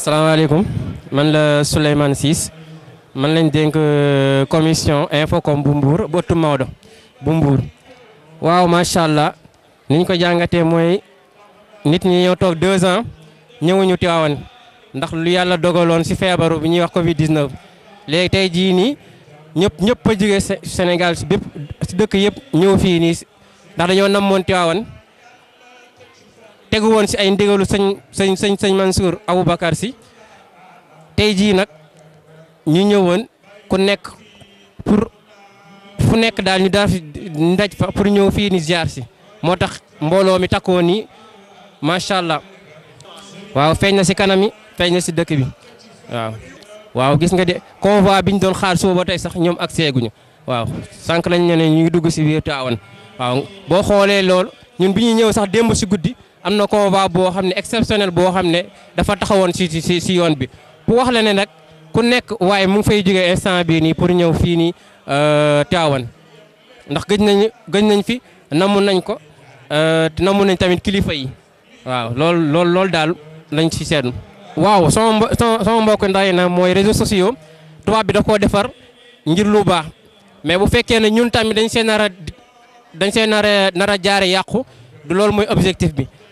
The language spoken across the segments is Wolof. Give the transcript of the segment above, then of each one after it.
salaamaaleykum man la Souleymane Ciss man lañ dénk euh, commission infocom bu Mbour bu ëttu Maodo bu Mbour waaw macha allah niñ ko jàngatee mooy nit ñi ñëw toog deux ans ñëwuñu Tiwaawan ndax lu yàlla dogaloon si feebaru bi ñuy wax Covid 19. léegi tey jii nii ñëpp ñëpp a jógee Sénégal si bépp si dëkk yëpp ñëw fii nii ndax dañoo namoon Tiwaawan tegu woon si ay ndigalu sëñ sëñ sëñ sëñ Mansour Aboubacar si tey jii nag ñu ñëwoon ku nekk pour fu nekk daal ñu daal fi ndaj fa pour ñëw fii ni ziar si moo tax mbooloo mi takkoo nii macha allah waaw feeñ na si kanam yi feeñ na si dëkk bi waaw. waaw gis nga de convoi bi ñu doon xaar suba ba tey sax ñoom ak seeguñu waaw sànq lañ ne ñu ngi dugg si biir Tivaouane waaw boo xoolee lool ñun bi ñuy ñëw sax démb si guddi. am na convoi boo xam ne exceptionnel boo xam ne dafa taxawoon si si si yoon bi pour wax la ne nag ku nekk waaye mu fay jóge instant bii nii pour ñëw fii nii euh, Tivaouane ndax gëj nañu gëj nañ fi namu nañ ko euh, namu nañ tamit kilifa yi waaw loolu loolu daal lañ ci seetlu. waaw sama sama mbokk ndaw yi nag mooy réseaux sociaux tubaab bi da koo defar ngir lu baax mais bu fekkee ne ñun tamit dañ see nar a dañ see nar a nar a jaare yàqu du loolu mooy objectif bi.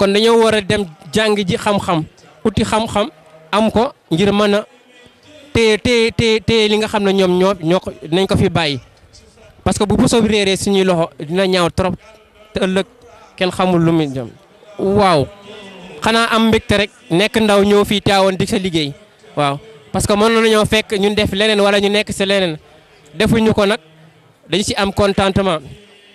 kon dañoo war a dem jàng ji xam-xam uti xam-xam am ko ngir mën a téye téye téye téye li nga xam ne ñoom ñoo ñoo ko nañ ko fi bàyyi parce que bu Bousso bi réeree suñuy loxo dina ñaaw trop te ëllëg kenn xamul lu muy jëm waaw xanaa am mbégte rek nekk ndaw ñëw fii teewoon di sa liggéey waaw parce que mënoon nañoo fekk ñun def leneen wala ñu nekk si leneen defuñu ko nag dañ si am contentement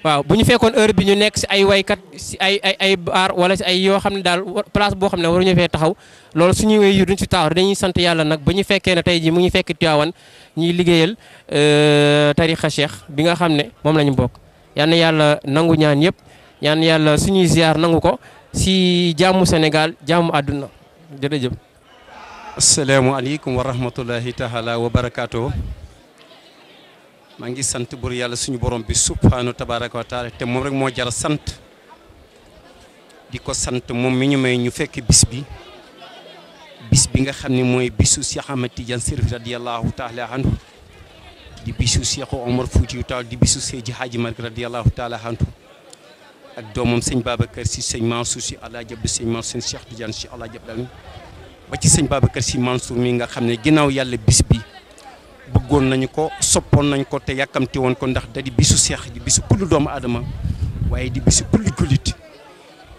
waaw buñu fekkon heure bi ñu nekk ci ay waykat si ay ay ay bar wala ci ay yo xamne dal place bo xamne waru ñu fe taxaw loolu suñu wéy yu duñ ci taxaw dañuy sante yalla nak ba fekke na tay ji mu ngi fekk ñi liggeyal euh tarixa cheikh bi nga xamne ne lañu bok yalla yalla nangu ñaan yëpp ñaan yalla suñu ziar nangu ko si jamu aduna jàmmu àdduna assalamu alaykum wa rahmatullahi taala wa barakatuh maa ngi sant bur yàlla suñu borom bi subhaanahu tabaaraka wa taala te moom rek moo jara sant di ko sant moom mi ñu may ñu fekk bis bi bis bi nga xam ni mooy bisu Cheikh Ahmed tiijan Chérif radiyallahu taala anhu di bisu Cheikh Omar Foutiou Tall di bisu Seydi Hadji Malick radiyallahu taala anhu ak doomam sëñ Babacar si sëñ Mansour si àlaa jab di sëñ Mansour sëñ Cheikh Tidiane si àlaa jab ba ci sëñ Babacar si Mansour mi nga xam ne ginnaaw yàlla bis bi bëggoon nañu ko soppoon nañ ko te yàkkamti woon ko ndax da di bisu seex di bisu kullu doomu adama waaye di bisu kullu jullit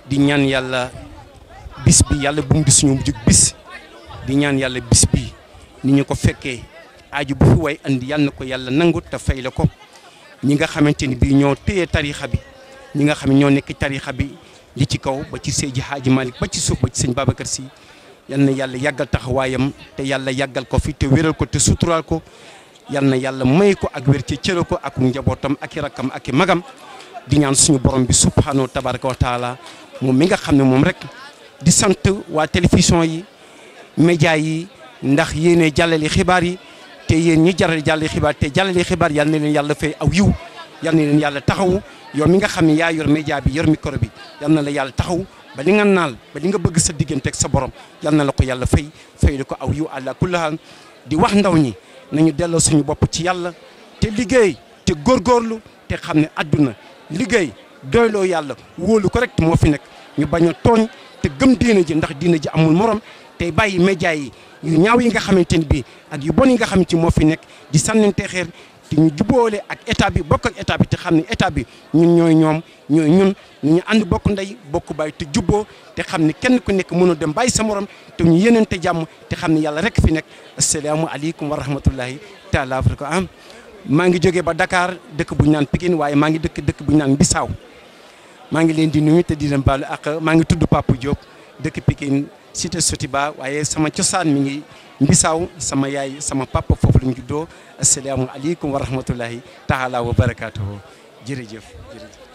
di ñaan yàlla bis bi yàlla bu mu suñu mujj bis ñaan yàlla bis bi ni ñu ko fekkee aaju bu way andi yàlla na ko yàlla nangu te fay la ko ñi nga xamante ni bii ñoo téye tarixa bi ñi nga xam ne ñoo nekk tarixa bi li ci kaw ba ci Seydi Hadji Malick ba ci suuf ba ci sëñ kër Sy yal na yàlla yàggal taxawaayam te yàlla yàggal ko fi te wéral ko te suturaal ko yal na yàlla may ko ak wér ci cëral ko ak njabootam ak i rakkam ak i magam di ñaan suñu borom bi subhanahu tabaraka wa moom mi nga xam ne moom rek di sant waa télévision yi média yi ndax yéene jàllale xibaar yi te yéen ñi jaral jàllale xibaar te jàllale xibaar yal na leen yàlla fay aw yiw yal na leen yàlla taxawu yow mi nga xam ne yaa yor média bi yor micro bi yal na la yàlla taxaw ba li nga naal ba li nga bëgg sa digganteeg sa borom yal na la ko yàlla fay fay li ko aw yiw àlla kullahan di wax ndaw ñi nañu delloo suñu bopp ci yàlla te liggéey te góorgóorlu te xam ne adduna liggéey doyloo yàlla wóolu ko rek moo fi nekk ñu bañ a tooñ te gëm diina ji ndax diina ji amul morom tey bàyyi média yi yu ñaaw yi nga xamante ni bii ak yi bon yi nga xamante ci moo fi nekk di te xeer te ñu jubóole ak état bi bokk ak état bi te xam ne état bi ñun ñooy ñoom ñooy ñun ñu ànd bokk ndey bokk bay te jubboo te xam ne kenn ku nekk mënul dem bay sa morom te ñu yéeneente jàmm te xam ne yàlla rek fi nekk asalaamaaleykum wa rahmatullahi taala wa am maa ngi jógee ba dakaar dëkk bu ñu naan Pikine waaye maa ngi dëkk dëkk bu ñu naan Bissau maa ngi leen di nuyu te di leen baalu ak maa ngi tudd Papa Diop dëkk Pikine soti ba waaye sama cosaan mi ngi. mbisaaw sama yaay sama papa foofu la ñu juddoo asalaamu aleykum wa rahmatullahi taala wa barakaatuhu jërëjëf jërëjëf